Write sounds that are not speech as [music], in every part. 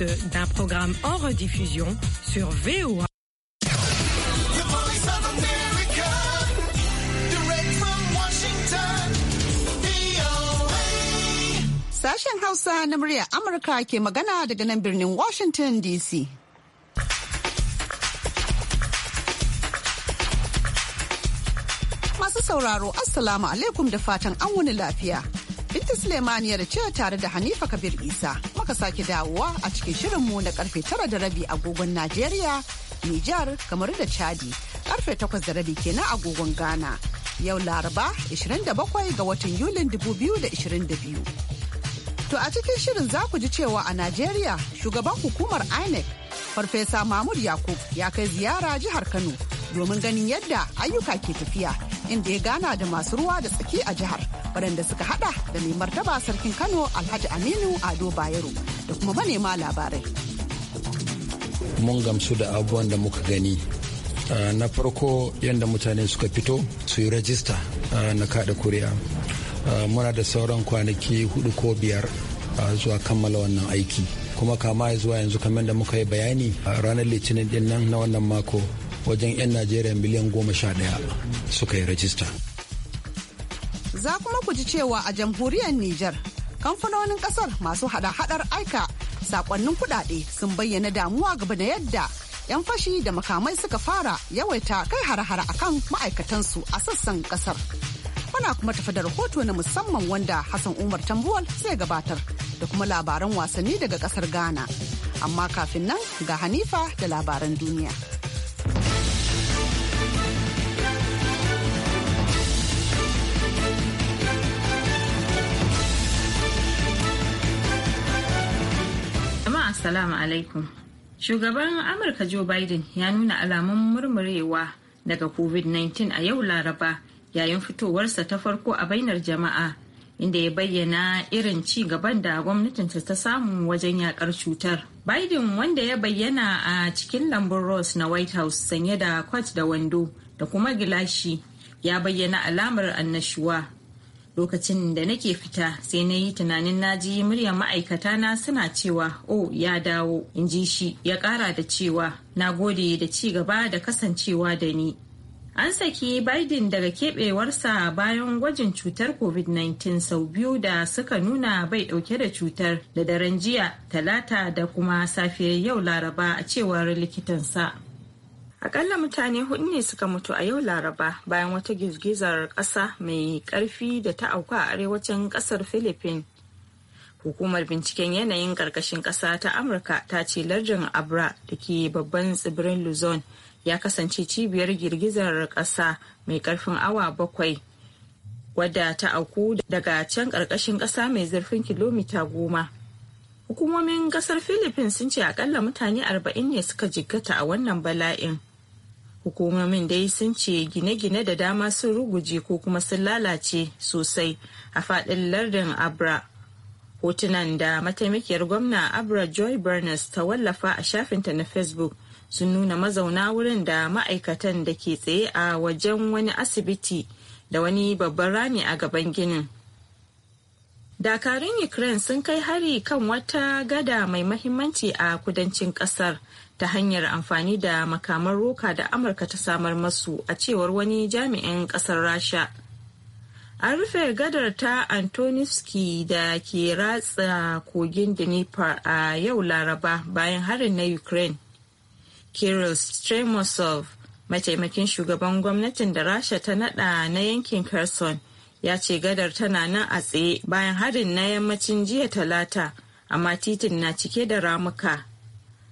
l'écoute d'un programme en rediffusion sur VOA. Sashen Hausa na muryar Amurka ke magana daga nan birnin Washington DC. Masu sauraro, Assalamu alaikum da fatan an wani lafiya. Suleiman ya ce tare da Hanifa Kabir Isa. Muka sake dawowa a cikin shirin mu na karfe tara da rabi agogon Najeriya, Nijar, kamar da Chadi. Karfe takwas da rabi kenan agogon Ghana. Yau Laraba 27 ga watan Yulin 2022. To a cikin shirin za ku ji cewa a Najeriya shugaban hukumar INEC Farfesa Mahmud Yakub ya kai ziyara jihar Kano domin ganin yadda ayyuka ke tafiya inda ya gana da masu ruwa da tsaki a jihar waɗanda suka hada da mai martaba sarkin kano alhaji aminu ado bayero da kuma manema labarai mun gamsu da abubuwan da muka gani ah, na farko yadda mutane suka fito su yi rajista ah, na kada kuri'a ah, muna da sauran kwanaki hudu ko biyar zuwa kammala wannan aiki kuma kama zuwa yanzu kamar da muka yi bayani ranar litinin din na wannan mako wajen 'yan najeriya miliyan goma sha ɗaya suka yi rajista za kuma ku ji cewa a jamhuriyar Nijar kamfanonin ƙasar masu hada-hadar aika sakonnin kuɗaɗe sun bayyana damuwa gaba da yadda 'yan fashi da makamai suka fara yawaita kai hare-hare kan ma'aikatansu a sassan ƙasar muna kuma tafi da rahoto na musamman wanda Hassan Umar Tambuwal zai gabatar da kuma labaran wasanni daga ƙasar Ghana. Amma kafin nan ga Hanifa da labaran duniya. Assalamu alaikum. Shugaban Amurka Joe Biden ya nuna alamun murmurewa daga COVID-19 a yau Laraba yayin fitowarsa ta farko a bainar jama'a inda ya bayyana irin ci gaban da gwamnatinsa ta samu wajen yakar cutar. Biden wanda ya bayyana a cikin lambun Ross na White House sanye da kwat da wando da kuma gilashi ya bayyana alamar annashuwa lokacin da nake fita sai na yi tunanin na ji muryar ma'aikata na suna cewa oh ya dawo in ji shi ya kara da cewa na gode da ci gaba da kasancewa da ni an saki biden daga keɓewarsa bayan gwajin cutar covid-19 sau biyu da suka nuna bai dauke da cutar da daren jiya talata da kuma safiyar yau laraba a cewar likitansa akalla mutane hudu ne suka mutu a yau laraba bayan wata girgizar kasa mai karfi da ta auku a arewacin kasar philippines hukumar binciken yanayin karkashin kasa ta amurka ta ce lardin abra da ke babban tsibirin luzon ya kasance cibiyar girgizar kasa mai karfin awa bakwai wadda ta auku daga can karkashin kasa mai zurfin kilomita goma hukumomin kasar philippines sun ce akalla mutane 40 ne suka jikkata a wannan bala'in hukumomin dai sun ce gine-gine da dama sun ruguje ko kuma sun lalace sosai a faɗin lardin abra hotunan da mataimakiyar gwamna abra joy berners ta wallafa a shafinta na facebook sun nuna mazauna wurin da ma'aikatan da ke tsaye a wajen wani asibiti da wani babban rami a gaban ginin dakarun ukraine sun kai hari kan wata gada mai mahimmanci a kudancin kasar ta hanyar amfani da makaman roka da amurka ta samar masu a cewar wani jami'in kasar rasha an rufe gadar ta antonivsky da ke ratsa kogin dnipro a yau laraba bayan harin na ukraine kirill stremosov mataimakin shugaban gwamnatin da rasha ta nada na yankin kherson ya ce gadar tana nan a tsaye bayan harin na yammacin jiya talata amma titin na cike da ramuka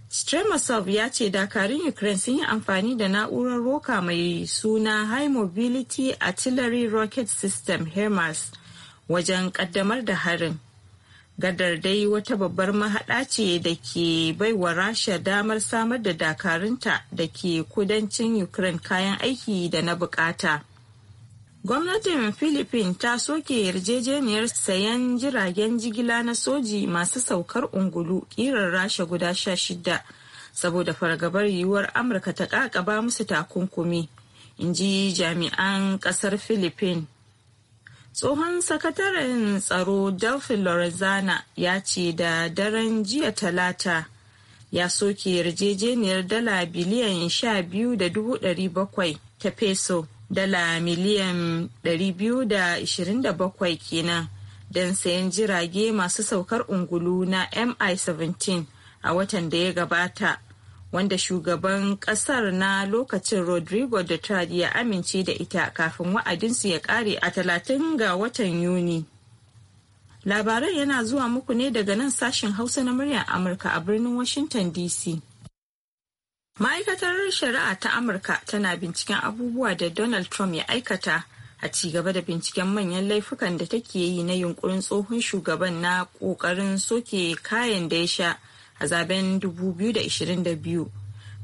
Stremasov ya ce dakarun Ukraine sun yi amfani da na'urar roka mai suna High Mobility Artillery Rocket System HIMARS wajen kaddamar da harin. Gadar dai wata babbar mahaɗa ce da ke baiwa Rasha damar samar da dakarunta da ke kudancin Ukraine kayan aiki da na bukata. Gwamnatin Philippines ta soke yarjejeniyar sayan jiragen jigila na soji masu saukar ungulu kirar rasha guda sha shida saboda fargabar yiwuwar Amurka ta kakaba musu takunkumi, in ji jami'an kasar Philippines. Tsohon sakataren tsaro delphi Lorenzana ya ce da daren jiya talata ya soke yarjejeniyar dala biliyan sha biyu da dubu ɗari bakwai ta peso. dala miliyan 227 kenan don sayan jirage masu saukar ungulu na mi-17 a watan da ya gabata wanda shugaban kasar na lokacin rodrigo duterte ya amince da ita kafin wa'adinsu ya kare a 30 ga watan yuni labaran yana zuwa muku ne daga nan sashen hausa na muryar amurka a birnin washington dc Ma'aikatar Shari'a ta Amurka tana binciken abubuwa da Donald Trump ya aikata a ci gaba da binciken manyan laifukan da take yi na yunkurin tsohon shugaban na kokarin soke kayan da ya sha a zaben 2022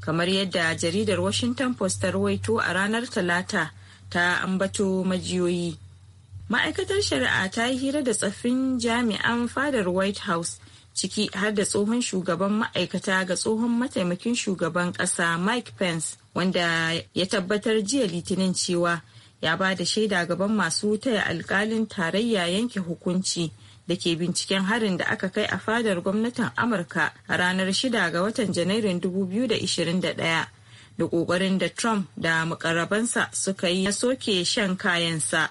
kamar yadda jaridar Washington Post ta rawaito a ranar Talata ta ambato majiyoyi. Ma'aikatar Shari'a ta yi hira da tsaffin jami'an fadar White House ciki har da tsohon shugaban ma'aikata ga tsohon mataimakin shugaban ƙasa mike pence wanda ya tabbatar jiya litinin cewa ya ba da shaida gaban masu taya alkalin tarayya yanke hukunci da ke binciken harin da aka kai a fadar gwamnatin amurka a ranar 6 ga watan janairun 2021 da ƙoƙarin da trump da makarabansa suka yi na soke shan kayansa.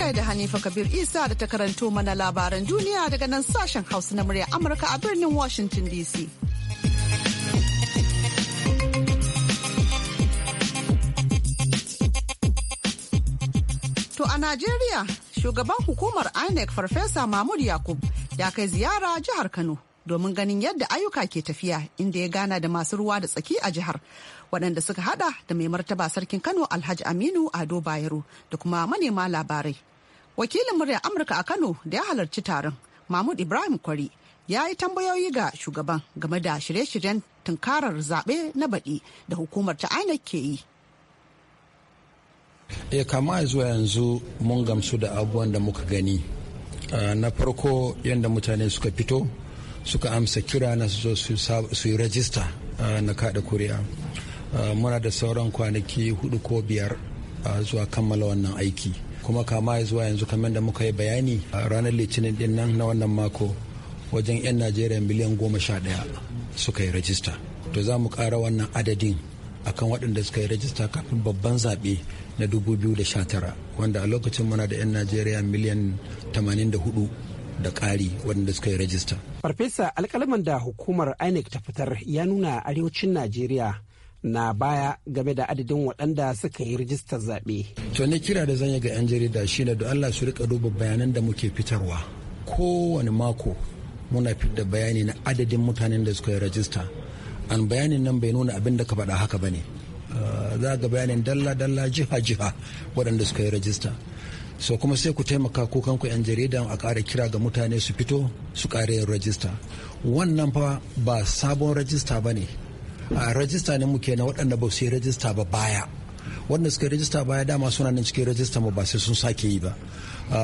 da Hanifa Kabir Isa da ta karanto mana labaran duniya daga nan sashen Hausa na murya Amurka a birnin Washington DC. To a Najeriya, shugaban hukumar INEC Farfesa Mahmud Yakub ya kai ziyara jihar Kano domin ganin yadda ayyuka ke tafiya inda ya gana da masu ruwa da tsaki a jihar. waɗanda suka hada da mai martaba sarkin kano alhaji aminu ado bayero da kuma manema labarai wakilin murya amurka a kano da ya halarci taron mahmud ibrahim kwari ya yi tambayoyi ga shugaban game da shirye-shiryen tunkarar zaɓe na baɗi da hukumar ta inec ke yi ya eh, kama zuwa yanzu mun gamsu da abubuwan da muka gani ah, na farko yadda mutane suka fito suka amsa kira na su su yi rajista ah, na kaɗa kuri'a ah, muna da sauran kwanaki hudu ko biyar zuwa kammala wannan aiki kuma kama zuwa yanzu kamar da muka yi bayani a ranar litinin din nan na wannan mako wajen 'yan najeriya miliyan goma sha ɗaya suka yi rajista to za mu kara wannan adadin akan waɗanda suka yi rajista kafin babban zaɓe na 2019 wanda a lokacin muna da 'yan najeriya miliyan 84 da ƙari waɗanda suka yi rajista. farfesa alkalaman da hukumar inec ta fitar ya nuna arewacin najeriya na baya game da adadin waɗanda suka yi rijistar zaɓe. To ne kira da zan yi ga 'yan jarida shi ne da Allah su rika duba bayanan da muke fitarwa. Kowane mako muna fitar bayani na adadin mutanen da suka yi rajista. An bayanin nan bai nuna abin da ka faɗa haka ba ne. Ah, za ga bayanin dalla-dalla jiha-jiha waɗanda suka yi rajista. So kuma sai ku taimaka ko kanku 'yan jarida a ƙara kira ga mutane su fito su ƙara yin rajista. Wannan fa ba sabon rajista ba ne. a rajista ne muke na waɗanda ba su yi rajista ba baya wanda suka rajista baya dama suna nan cikin rajista ba sai sun sake yi ba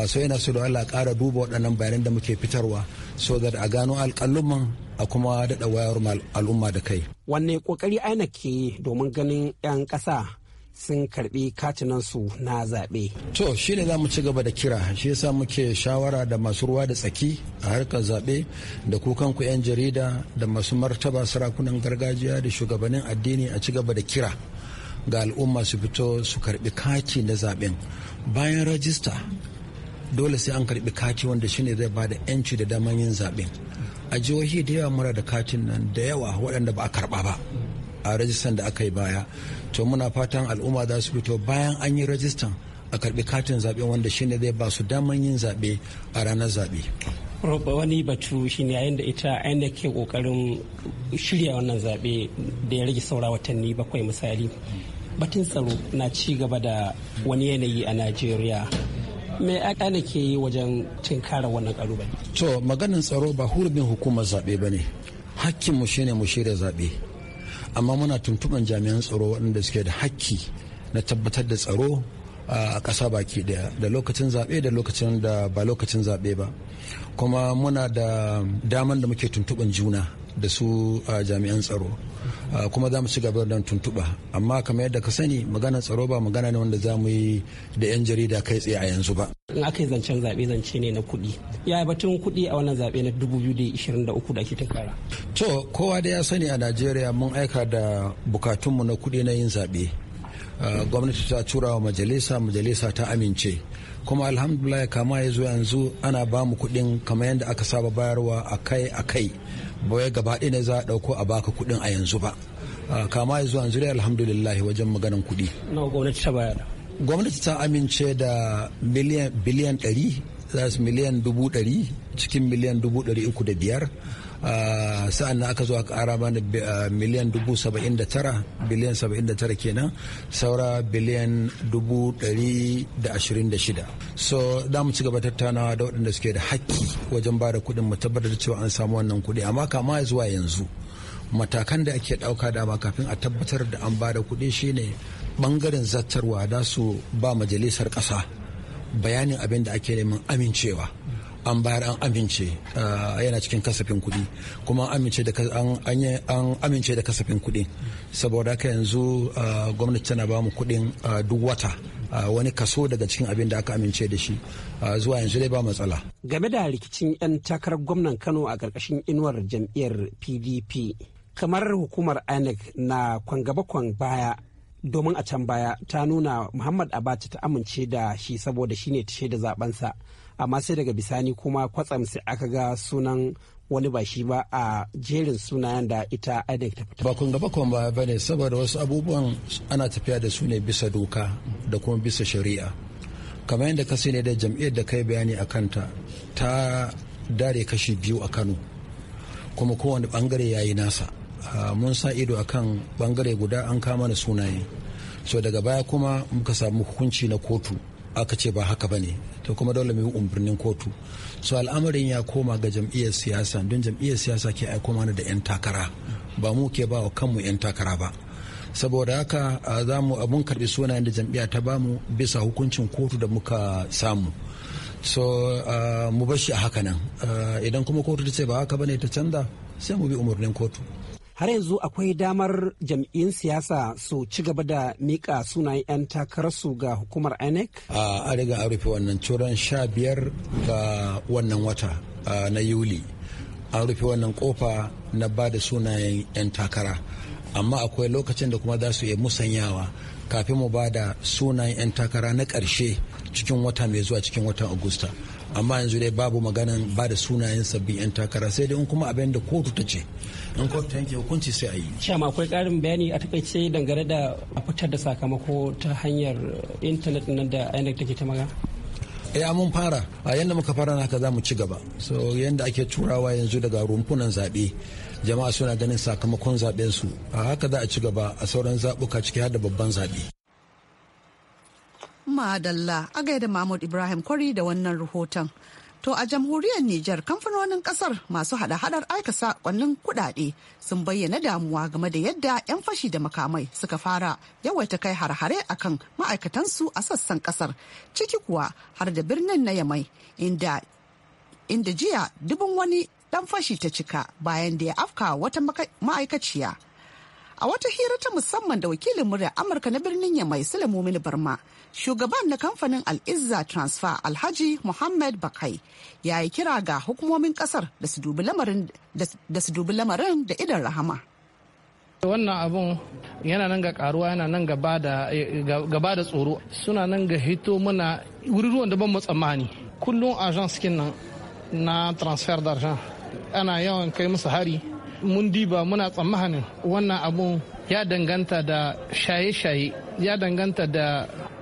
so yana so da Allah ƙara duba waɗannan bayanan da muke fitarwa so da a gano alƙalluman a kuma daɗa wayar al'umma da kai wanne ƙoƙari aina ke domin ganin 'yan ƙasa sun karbi katinansu na zaɓe. To shi ne za mu ci gaba da kira shi yasa muke shawara da masu ruwa da tsaki a harkar zaɓe da kukan ku 'yan jarida da masu martaba sarakunan gargajiya da shugabannin addini a ci gaba da kira ga al'umma su fito su karbi kaki na zaɓen bayan rajista dole sai an karbi kati wanda shine zai ba da 'yanci da daman yin zaɓen a jihohi da yawa mura da katin nan da yawa waɗanda ba a karɓa ba a rajistan da aka yi baya to muna fatan al'umma za su fito bayan an yi rajistan a karbi katin zaɓe wanda shine zai ba su daman yin zaɓe a ranar zaɓe. roba wani batu shine yayin da ita inec ke kokarin shirya wannan zaɓe da ya rage saura watanni bakwai misali batun tsaro na ci gaba da wani yanayi a najeriya me akana ke yi wajen tinkara wannan kalubale to maganin tsaro ba hurumin hukumar zaɓe ba ne hakkinmu shine mu shirya zaɓe amma muna tuntuban jami'an tsaro waɗanda suke da hakki na tabbatar da tsaro a ƙasa baki daya da lokacin zaɓe da lokacin da ba lokacin zaɓe ba kuma muna da daman da muke tuntuban juna da su a jami'an tsaro kuma za mu ci gaba da tuntuɓa amma kamar yadda ka sani maganar tsaro ba magana ne wanda za mu yi da 'yan jarida kai tsaye a yanzu ba in aka yi zancen zaɓe zance ne na kuɗi ya batun kuɗi a wannan zaɓe na 2023 da ake tunkara to kowa da ya sani a najeriya mun aika da bukatunmu na kuɗi na yin zaɓe Eh, gwamnati ta tura wa majalisa majalisa ta amince kuma alhamdulillah kama ya zo yanzu ana ba mu kuɗin kamar yadda aka saba bayarwa akai akai bai gaba ne za a ɗauko a baka kuɗin a yanzu ba eh, kama ya zo yanzu dai alhamdulillah wajen maganan kuɗi gwamnati ta bayar gwamnati ta amince da biliyan ɗari miliyan dubu ɗari cikin miliyan dubu ɗari uku da biyar Ah, sa'an aka zo a kara mana ah, miliyan dubu saba'in da tara biliyan saba'in da tara kenan saura biliyan dubu dari da ashirin da shida so da mu ci gaba tattaunawa da waɗanda suke da haƙƙi wajen ba da kuɗin mu tabbatar da cewa an samu wannan kuɗi amma kama zuwa yanzu matakan da ake ɗauka dama kafin a tabbatar da an ba da kuɗi shine ɓangaren zattarwa da su ba majalisar ƙasa bayanin abin da ake neman amincewa an bayar an amince yana cikin kasafin kuɗi kuma an amince da kasafin kuɗi saboda haka yanzu gwamnati tana ba mu kuɗin duk wata wani kaso daga cikin abin da aka amince da shi zuwa yanzu dai ba matsala. Game da rikicin 'yan takarar gwamnan Kano a ƙarƙashin inuwar jam'iyyar PDP kamar hukumar INEC na kwangaba baya domin a can baya ta nuna Muhammad Abacha ta amince da shi saboda shine ta shaida zabensa. amma sai daga bisani kuma kwatsam sai aka ga sunan wani ba shi ba a jerin sunayen da ita INEC ta fita. bakon gaba kuma ba ne saboda wasu abubuwan ana tafiya da su ne bisa doka da kuma bisa shari'a. Kamar yadda ka sani da jam'iyyar da kai bayani a kanta ta dare kashi biyu a Kano kuma kowane bangare yayi nasa. Ah, mun sa ido akan bangare guda an kama na sunaye. So daga baya kuma muka samu hukunci na kotu aka ce ba haka ba ne to kuma dole mu yi umarnin kotu so al'amarin ya koma ga jam'iyyar siyasa don jam'iyyar siyasa ke aiko mana da 'yan takara ba mu ke ba wa kanmu 'yan takara ba saboda haka za mu abun karbi sunayen da jam'iyya ta mu bisa hukuncin kotu da muka samu so mu bashi a haka nan idan kuma kotu ta ce ba haka bane ta canza sai mu bi umarnin kotu har yanzu akwai damar jam'iyyun siyasa su ci gaba da mika sunayen 'yan takararsu ga hukumar inec a riga an rufe wannan turan sha biyar ga wannan wata na yuli an rufe wannan kofa na ba da sunayen 'yan takara amma akwai lokacin da kuma za su iya musanyawa kafin mu ba da sunayen 'yan takara na ƙarshe cikin wata mai zuwa cikin watan agusta amma yanzu dai babu maganan ba da sunayen sabbin 'yan takara sai dai in kuma abin da kotu ta ce in kotu ta yanke hukunci sai a yi shama akwai karin bayani a takaice dangane da a fitar da sakamako ta hanyar intanet nan da ainihin take ta magana ya eh, mun fara a yadda muka fara na haka za mu ci gaba so yadda ake turawa yanzu daga rumfunan zaɓe jama'a suna ganin sakamakon zaɓen su a haka za a ci gaba a sauran zaɓuka ciki har da babban zaɓe Madalla a gaida Mahmud Ibrahim Kwari da wannan rahoton. To a jamhuriyar Nijar kamfanonin kasar masu hada-hadar aika sakonnin kudade sun bayyana damuwa game da yadda 'yan fashi da makamai suka fara yawaita kai har-hare akan ma'aikatansu a sassan kasar ciki kuwa har da birnin na yamai inda inda jiya dubin wani dan fashi ta cika bayan da ya afka wata ma'aikaciya. A wata hira ta musamman da wakilin murya Amurka na birnin Yamai Sulemu Barma shugaban na kamfanin al'izza transfer alhaji muhammad bakai ya yi kira ga hukumomin kasar da su dubi lamarin da idan rahama wannan abun yana nan ga karuwa yana nan gaba da tsoro suna nan ga hito muna wuri da ban matsamani kullum agence kin nan na transfer d'argent ana yawan kai musu hari mun diba muna tsammanin wannan abun ya danganta da shaye-shaye ya danganta da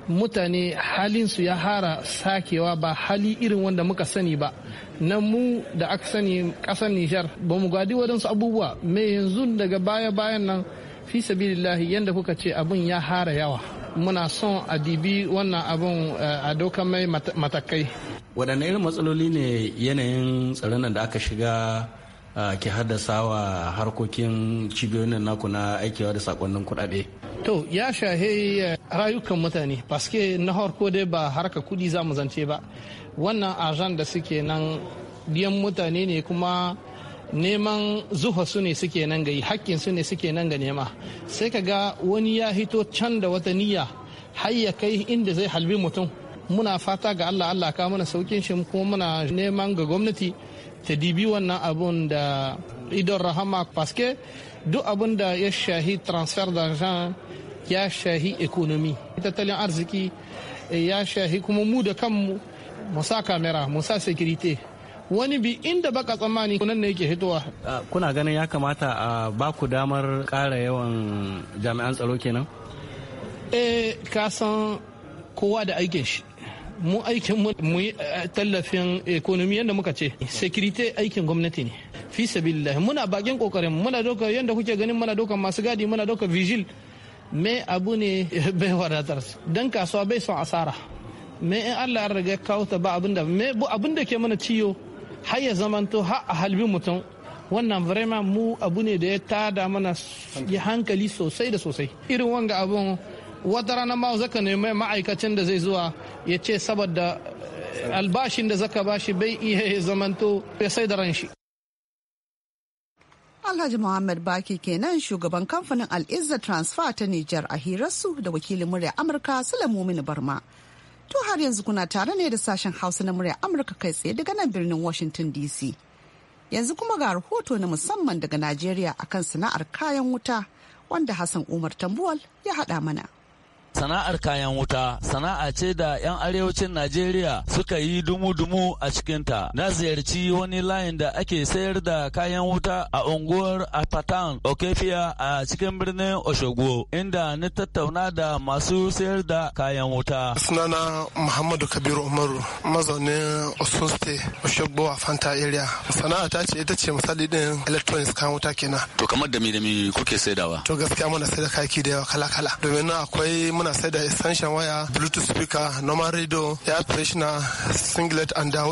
mutane halinsu ya hara sakewa ba hali irin wanda muka sani ba na mu da aka sani kasar nishar ba mu gwadi waɗansu abubuwa mai yanzu daga baya-bayan nan fi sabilillahi yadda kuka ce abin ya hara yawa muna son a dibi wannan abin eh, a dokar mai matakai waɗanne irin matsaloli ne yanayin tsaron da aka shiga eh, ke haddasa wa harkokin cibiyoyin naku na aikewa da sakonnin kuɗaɗe To ya shahe eh, rayukan mutane paske na harko dai ba harka kudi za mu zance ba wannan ajan da suke nan biyan mutane ne kuma neman zuha su ne suke nan yi hakkin su ne suke nan ga nema sai ka ga wani ya hito can da wata niyya har ya kai inda zai halbi mutum muna fata ga allah allah ka mana saukin shi kuma muna neman ga gwamnati ta dibi wannan abun da idon rahama paske duk abin da ya shahi transfer d'argent ya shahi economy tattalin arziki eh, ya shahi kuma mu da kanmu musa kamera musa security wani bi inda baka tsammani kunan ne yake hitowa ah, kuna ganin ya kamata a baku damar kara yawan jami'an tsaro kenan eh san kowa da aikin shi mu aikin mu eh, tallafin ekonomi yadda muka ce security aikin gwamnati ne fi sabilillah muna bakin kokarin muna doka yanda kuke ganin muna doka masu gadi muna doka vigil me abu ne [laughs] bai wadatar dan kasuwa bai son asara me in Allah ya riga kawo ta ba abinda me abinda ke mana ciyo har ya zamanto har a halbin mutum wannan vraiment mu abu ne da ya tada mana ya hankali sosai da sosai irin wanga abun wata rana ma zaka nemi ma'aikacin da zai zuwa ya ce saboda eh, albashin da zaka bashi bai iya zamanto ya sai da ran shi Alhaji Muhammad Baki kenan shugaban kamfanin Al'izza Transfer ta Nijar a hirarsu da wakilin murya Amurka Sulamu Mini Barma. To har yanzu kuna tare ne da sashen Hausa na murya Amurka kai tsaye daga nan birnin Washington DC. Yanzu kuma ga rahoto na musamman daga Najeriya akan sana'ar kayan wuta wanda Hassan Umar Tambuwal ya haɗa mana. sana'ar kayan wuta sana'a ce da 'yan arewacin najeriya suka yi dumu-dumu a cikinta na ziyarci wani layin da ake sayar da kayan wuta a unguwar apatan okefiya a cikin birnin oshogo inda ni tattauna da masu sayar da kayan wuta sunana muhammadu kabiru umaru mazaunin osun state oshogo a fanta area sana'a ta ce ita ce misali din electronics kayan wuta kenan to kamar da mi da mi kuke saidawa to gaskiya muna sai da kaki da yawa kala-kala domin akwai muna sai da extension waya bluetooth speaker normal radio ya preshna singlet and da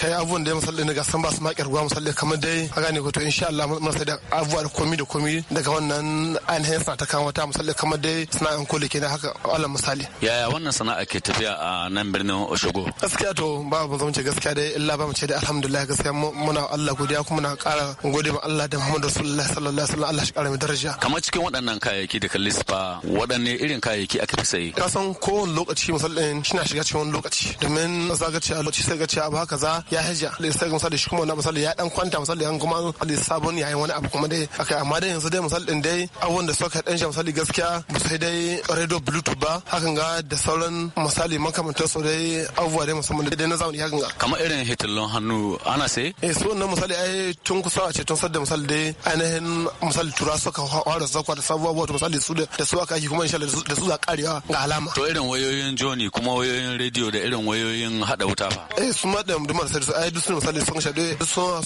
kai abubuwan da ya musalli ga san ba su makar ruwa musalli kamar dai a gane ko to insha Allah muna sai da abubuwa da komi da komi daga wannan ainihin sana ta kan wata musalli kamar dai sana'an koli kenan haka alal misali yaya wannan sana'a ke tafiya a nan birnin Oshogo gaskiya to ba mu zama ce gaskiya dai illa ba mu ce dai alhamdulillah gaskiya muna Allah godiya kuma muna kara gode ma Allah da Muhammadu sallallahu alaihi wasallam Allah shi kara mai daraja kamar cikin waɗannan kayayyaki da kallisfa waɗanne irin kayayyaki aka sosai ka san ko lokaci musallin shina shiga cikin lokaci domin zaga ce a lokaci sai ga ce abu haka za ya hajja da sai ga misali shi kuma wannan misali ya dan kwanta misali an kuma ali sabon yayin wani abu kuma dai akai amma dai yanzu dai musallin dai abubuwan da suka dan shi misali gaskiya ba sai dai radio bluetooth ba hakan ga da sauran misali makamantar su dai abubuwa dai musamman dai na zamani hakan ga kamar irin hitillon hannu ana sai eh su wannan misali ai tun kusa a ce tun sadda misali dai ainihin misali tura suka fara zakwa da sabuwa misali su da su aka yi kuma insha Allah da su za karewa ga alama to irin wayoyin joni kuma wayoyin rediyo da irin wayoyin hada wuta fa eh su ma da mu sai su ai duk sun misali sun shaɗe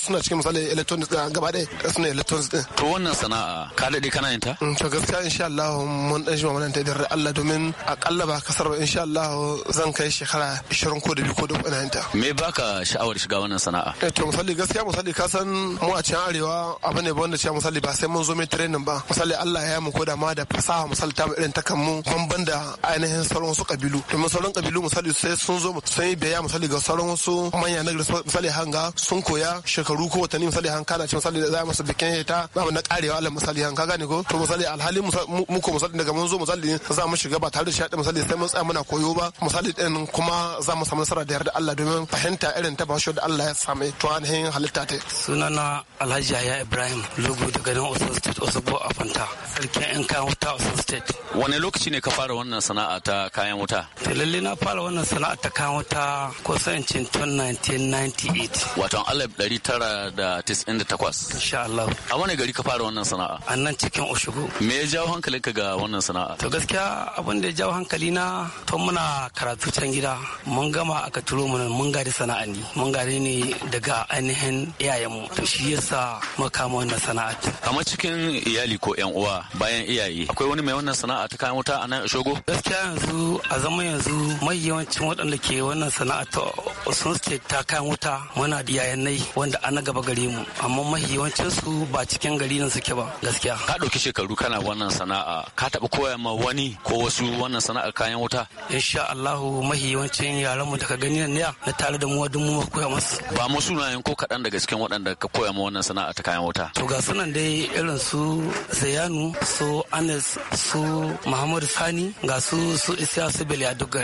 suna cikin misali electronics din gaba ɗaya suna electronics din to wannan sana'a ka dade kana yin ta mm, to gaskiya insha Allah mun dan shi mun ta da Allah domin akalla ba kasar ba insha Allah zan kai shekara 20 ko da biyu ko da uku ina yin ta me baka sha'awar shiga wannan sana'a eh to misali gaskiya misali ka san mu a can arewa abu ne wanda cewa misali ba sai mun zo mai training ba misali Allah ya mu koda ma da fasaha misali ta irin ta kan mu ban da da ainihin sauran wasu kabilu domin sauran kabilu misali sai sun zo sun yi biyayya misali ga sauran wasu manya na misali hanga sun koya shekaru ko watanni misali hanga na ce misali za mu bikin heta za mu na karewa alal misali hanga gane ko to misali alhali mu ko misali daga mun zo misali za mu shiga ba tare da shaɗi misali sai mun tsaya muna koyo ba misali din kuma za mu samu nasara da yarda Allah domin fahimta irin ta bashi da Allah ya same to ainihin halitta ta sunana Alhaji Yahya Ibrahim Lugu daga nan Osun State osun a Fanta sarkin yan kan wuta Osun State wani lokaci ne ka fara wannan sana'a ta kayan wuta? To lalle na fara wannan sana'a ta kayan wuta kusan cin tun 1998. Waton alif ɗari tara da tisin da takwas. Insha Allah. A wani gari ka fara wannan sana'a? A nan cikin Oshugu. Me ya jawo ka ga wannan sana'a? To gaskiya abin da ya jawo hankali na tun muna karatu can gida mun gama aka turo mu mun gari sana'a ne mun gari ne daga ainihin iyayenmu to shi yasa muka kama wannan sana'a. Kamar cikin iyali ko 'yan uwa bayan iyaye akwai wani mai wannan sana'a ta kayan wuta a nan Oshogo? gaskiya yanzu a zama yanzu mai yawancin waɗanda ke wannan sana'a ta sun ce ta kan wuta muna da nai wanda ana gaba gare mu amma mai yawancin su ba cikin gari nan suke ba gaskiya ka ɗauki shekaru kana wannan sana'a ka taɓa koya ma wani ko wasu wannan sana'ar kayan wuta insha Allah mai yawancin yaran mu daga gani nan ne na tare da mu wadin mu koya masu ba mu sunayen ko kaɗan daga cikin waɗanda ka koya ma wannan sana'a ta kayan wuta to ga sunan dai irin su Zayanu su Anas su Muhammadu Sani ga su su isiya su biliya duk ga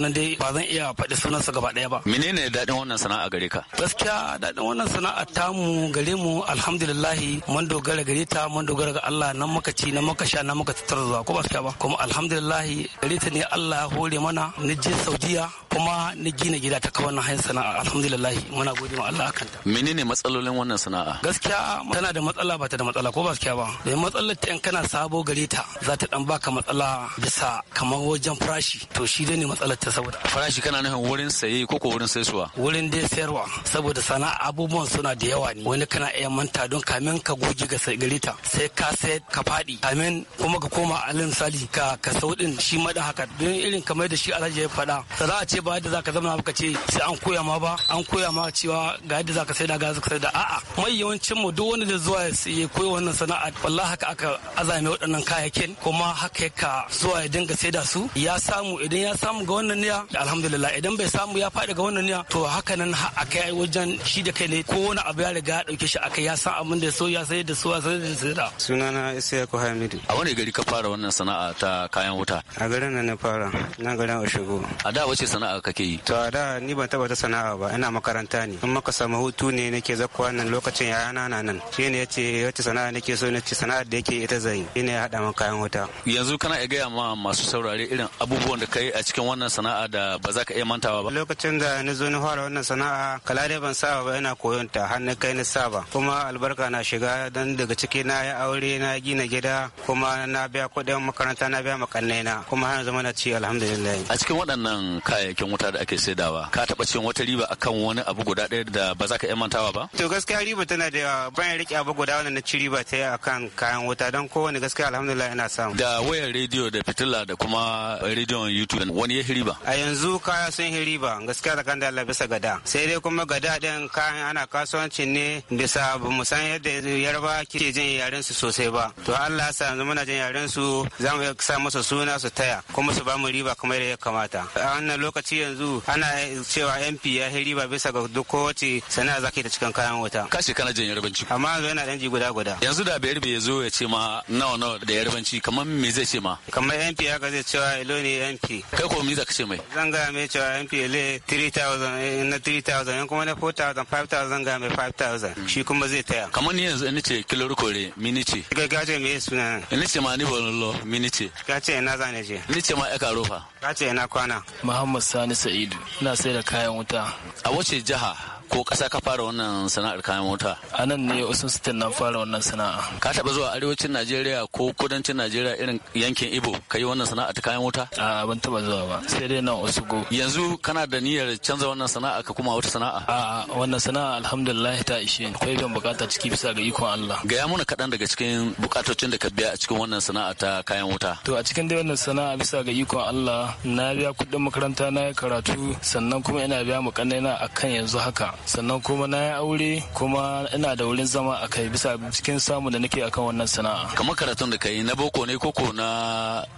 nan dai ba zan iya faɗi sunan su gaba ɗaya ba menene daɗin wannan sana'a gare ka gaskiya daɗin wannan sana'a tamu gare mu alhamdulillah mun dogara gare ta mun dogara ga Allah nan muka ci nan muka sha nan muka tattara zuwa ko ba su ba kuma alhamdulillah gare ta ne Allah ya hore mana ni je Saudiya kuma ni gina gida ta kawo hanyar sana'a alhamdulillah muna gode ma Allah akan ta menene matsalolin wannan sana'a gaskiya tana da matsala ba ta da matsala ko ba su ba domin matsalar ta in kana sabo gare ta za ta dan baka matsala bisa Ka kamar wajen farashi to shi dai ne matsalar ta saboda farashi kana nufin wurin saye ko ko wurin saisuwa wurin dai sayarwa saboda sana abubuwan suna da yawa ne wani kana iya manta don kamin ka goge ga gare sai ka sai ka faɗi kamin kuma ka koma alin sali ka ka saudin shi ma da haka don irin kamar da shi alhaji ya faɗa za a ce ba yadda za ka zama ka ce sai an koya ma ba an koya ma cewa ga yadda za ka sai da ga zaka sai da a'a mai yawancin mu duk wani da zuwa ya koyi wannan sana'a wallahi haka aka azame waɗannan kayayyakin kuma haka ka zuwa ya dinga saida su ya samu idan ya samu ga wannan niya alhamdulillah idan bai samu ya faɗi ga wannan niya to haka nan a kai wajen shi da kai ne ko wani abu ya riga ya dauke shi akai ya san abin da so ya sai da su ya sai da su da isa ko Hamidu a wani gari ka fara wannan sana'a ta kayan wuta a garin nan na fara na garin Oshogo a da wace sana'a kake yi to a da ni ban taba ta sana'a ba ina makaranta ne in maka samu hutu ne nake zakkuwa nan lokacin ya yana nan nan ne yace wace sana'a nake so nace sana'a da yake ita zai ina ya hada maka kayan wuta yanzu kana iya gaya ma masu saurare irin abubuwan da kai a cikin wannan sana'a da ba za ka iya mantawa ba lokacin da ni zo ni fara wannan sana'a kala dai ban saba ba ina koyon ta har na kai ni saba kuma albarka na shiga dan daga ciki na yi aure na gina gida kuma na biya kuɗin makaranta na biya makannai na kuma har zama na ci alhamdulillah a cikin waɗannan kayayyakin wuta da ake saidawa ka taɓa cin wata riba akan wani abu guda ɗaya da ba za ka iya mantawa ba to gaskiya riba tana da yawa bayan riƙe abu guda wanda na ci riba ta yi akan kayan wuta don kowane gaskiya alhamdulillah ina samu da wayar rediyo da fitila Allah da kuma rediyon YouTube wani ya hiriba. A yanzu kaya sun hiriba gaskiya da kan da Allah bisa gada. Sai dai kuma gada din kayan ana kasuwanci ne bisa ba mu san yadda yarba ke jin yaren su sosai ba. To Allah sa yanzu muna jin yaren su za mu sa musu suna su taya kuma su ba mu riba kamar ya kamata. A wannan lokaci yanzu ana cewa MP ya hiriba bisa ga duk kowace sana'a zaki ta cikin kayan wuta. Kashi kana jin yarbanci. Amma yanzu yana ɗan ji guda guda. Yanzu da bayar bai zo ya ce ma nawa nawa da yarbanci kamar me zai ce ma. Kamar MP ya aka ce cewa Elo ne MP. Kai ko miza za ka ce mai? Zan ga mai cewa MP Ele 3000 eh, na 3000 in kuma na 4000 5000 zan ga mai 5000 hmm. shi kuma zai taya. Kamar ni yanzu ni ce kilor kore mini ce. Ga gaje me suna? Ni ce ma ni bololo mini ce. ga ce ina zane ce. Ni ce ma eka rofa. ga ce ina kwana. Muhammad Sani Sa'idu. Ina sai da kayan wuta. A wace jiha ko ƙasa ka fara wannan sana'ar kayan mota a nan ne usun sitin na fara wannan sana'a ka taɓa zuwa arewacin najeriya ko kudancin najeriya irin yankin ibo ka yi wannan sana'a ta kayan mota a ban taɓa zuwa ba sai dai nan osugo yanzu kana da niyyar canza wannan sana'a ka kuma wata sana'a a wannan sana'a alhamdulillah ta ishe akwai ban bukata ciki bisa ga ikon allah gaya mana kaɗan daga cikin bukatocin da ka biya a cikin wannan sana'a ta kayan wuta. To a cikin dai wannan sana'a bisa ga ikon Allah na biya kuɗin makaranta na karatu sannan kuma ina biya mu kannena akan yanzu haka sannan kuma na yi aure kuma ina da wurin zama a kai bisa cikin samu da nake akan wannan sana'a kamar karatun da kai na boko ne koko na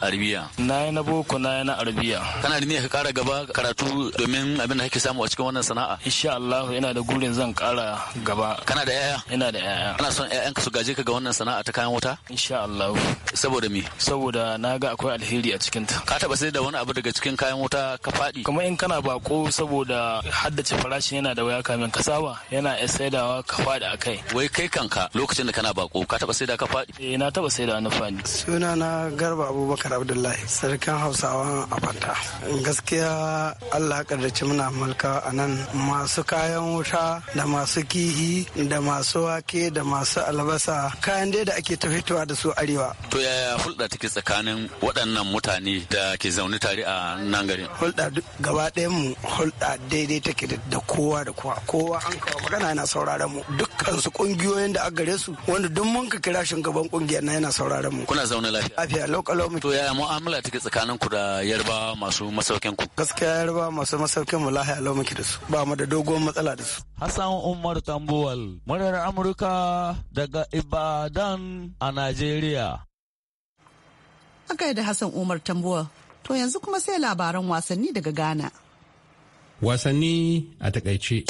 arabiya na yi na boko na yi na arabiya kana da niyyar ka kara gaba karatu domin abin da kake samu a cikin wannan sana'a insha Allah ina da gurin zan kara gaba kana da yaya ina da yaya kana son ka su gaje ka ga wannan sana'a ta kayan wuta insha Allah saboda me saboda na ga akwai alheri a cikin ta ka taba sai da wani abu daga cikin kayan wuta ka fadi kuma in kana bako saboda haddace farashin yana da waya kamin ka saba yana saidawa ka faɗi a kai. Wai kai kanka lokacin da kana bako ka taɓa saida ka faɗi? Eh na taɓa saida na faɗi. Suna na Garba Abubakar Abdullahi sarkin Hausawa a Fanta. Gaskiya Allah kaddace muna mulka a nan masu kayan wuta da masu kihi da masu wake da masu albasa kayan dai da ake tafitowa da su arewa. To yaya hulɗa take tsakanin waɗannan mutane da ke zaune tare a nan garin? Hulɗa gaba ɗayan mu hulɗa daidai take da kowa da kowa. kowa an kawo magana yana sauraron mu dukkan su kungiyoyin da aka gare su wanda duk mun ka kira shugaban kungiyar na yana sauraron mu kuna zaune lafiya lafiya lokalo mu to yaya mu'amala take tsakanin ku da yarba masu masaukin ku gaskiya yarba masu masaukin mu lahiya lau muke da su ba mu da dogon matsala da su Hassan Umar Tambuwal murar Amurka daga Ibadan a Najeriya Aka da Hassan Umar Tambuwal to yanzu kuma sai labaran wasanni daga Ghana wasanni a takaice.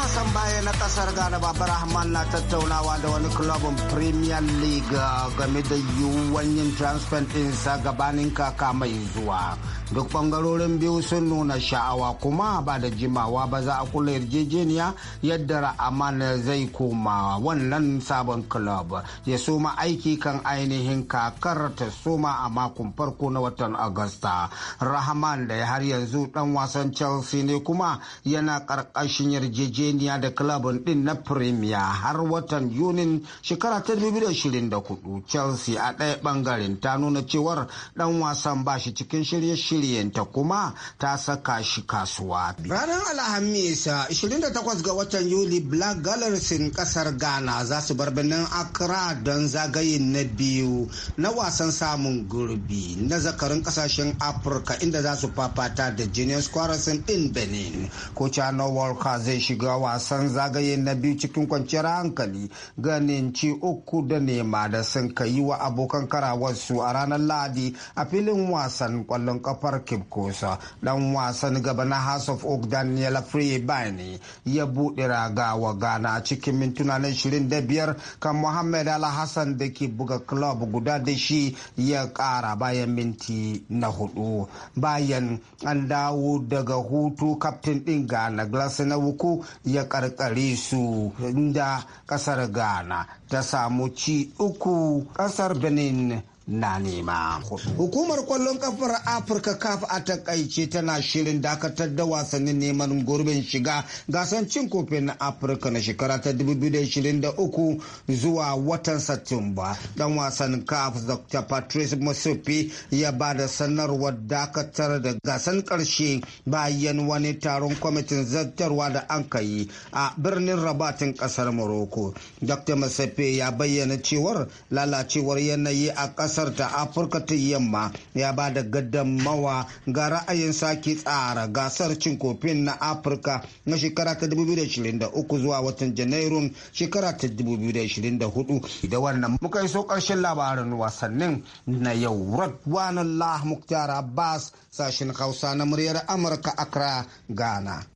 wasan baya na kasar Ghana Babar Rahman na tattaunawa da wani klubin Premier League game da yiwuwan yin transfer ɗinsa gabanin kaka mai zuwa. duk bangarorin biyu sun nuna sha'awa kuma ba da jimawa ba za a kula yarjejeniya yadda ra'aman zai koma wannan sabon club ya soma aiki kan ainihin kakar ta soma a makon farko na watan agusta rahman da ya har yanzu dan wasan chelsea ne kuma yana karkashin yarjejeniya da club din na premier har watan yunin shekara ta 2024 chelsea a ɗaya bangaren ta nuna cewar dan wasan ba shi cikin shirye-shirye shiryenta kuma ta saka shi kasuwa. Ranar Alhamis 28 ga watan Yuli Black Galleries kasar Ghana za su bar birnin Accra don zagayen na biyu na wasan samun gurbi na zakarin kasashen Afirka inda za su fafata da Genius Quarrison din Benin. Kocha Walker zai shiga wasan zagaye na biyu cikin kwanciyar hankali ganin ci uku da nema da sun kayi wa abokan karawarsu a ranar Lahadi a filin wasan kwallon kafa kafar kipkosa dan wasan gaba na house of oak daniel freebine ya buɗe raga wa ghana cikin mintuna na 25 kan muhammad alhassan da ke buga club guda da shi ya ƙara bayan minti na hudu bayan an dawo daga hutu kaftin ɗin ghana glass na wuku ya karkare su inda ƙasar ghana ta samu ci uku ƙasar benin na nema. Hukumar kwallon kafar Afirka kaf a takaice tana shirin dakatar da wasannin neman gurbin shiga gasar cin kofin Afirka na shekara ta 2023 zuwa watan Satumba. Dan wasan kaf Dr. Patrice Musufi ya ba da sanarwar dakatar da gasan karshe bayan wani taron kwamitin zartarwa da an yi a birnin Rabatin kasar Morocco. Dr. Musufi ya bayyana cewar lalacewar yanayi a kasar kasar ta afirka ta yamma ya ba da gaddamawa ga ra'ayin sake tsara gasar cin kofin na afirka na shekara ta 2023 zuwa watan janairun shekara ta 2024 da wannan muka iso karshen labarin wasannin na yau radwanan lah muktar abbas sashen hausa na muryar amurka accra ghana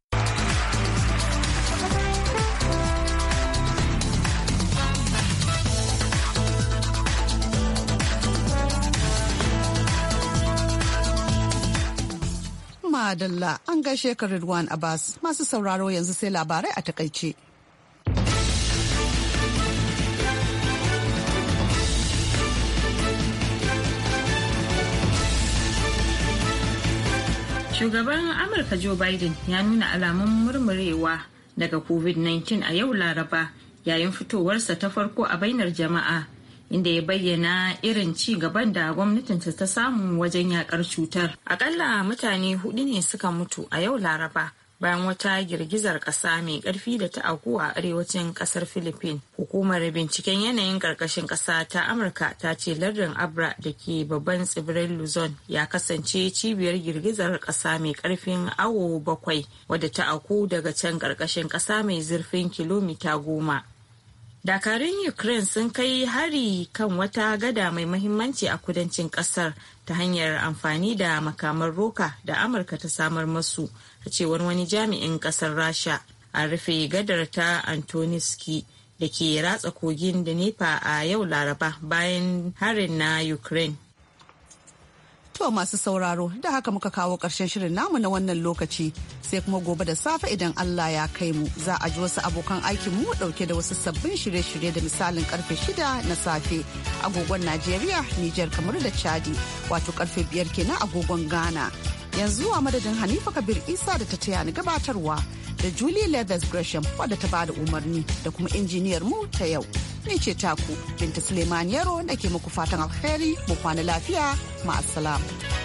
Madalla an gaishe ka Ridwan Abbas masu sauraro yanzu sai labarai a takaice. Shugaban Amurka Joe Biden ya nuna alamun murmurewa daga COVID-19 a yau Laraba yayin fitowarsa ta farko a bainar jama'a inda ya bayyana irin ci gaban da gwamnatinta ta samu wajen yakar cutar. Akalla mutane hudu ne suka mutu a yau Laraba bayan wata girgizar ƙasa mai ƙarfi da ta auku a arewacin ƙasar Philippines. Hukumar binciken yanayin ƙarƙashin ƙasa ta Amurka ta ce lardin Abra da ke babban tsibirin Luzon ya kasance cibiyar girgizar ƙasa mai ƙarfin awo bakwai wadda ta auku daga can ƙarƙashin ƙasa mai zurfin kilomita goma. dakarun ukraine sun kai hari kan wata gada mai mahimmanci a kudancin kasar ta hanyar amfani da makaman roka da amurka ta samar masu a cewar wani jami'in kasar rasha a rufe gadar ta antoniski da ke ratsa kogin da nepa a yau laraba bayan harin na ukraine To masu sauraro da haka muka kawo ƙarshen shirin namu na wannan lokaci sai kuma gobe da safe idan Allah ya kai mu za a ji wasu abokan aikin mu dauke da wasu sabbin shirye-shirye da misalin karfe shida na safe agogon Najeriya, Nijar, kamar da Chadi wato karfe biyar kenan agogon Ghana. Yanzu a madadin Hanifa Kabir Isa da ta taya ni gabatarwa da Julie Leathers Gresham wadda ta bada umarni da kuma injiniyar mu ta yau. ni ce taku Binta Suleiman Yaro da ke muku fatan alheri mu kwana lafiya ma'asalam.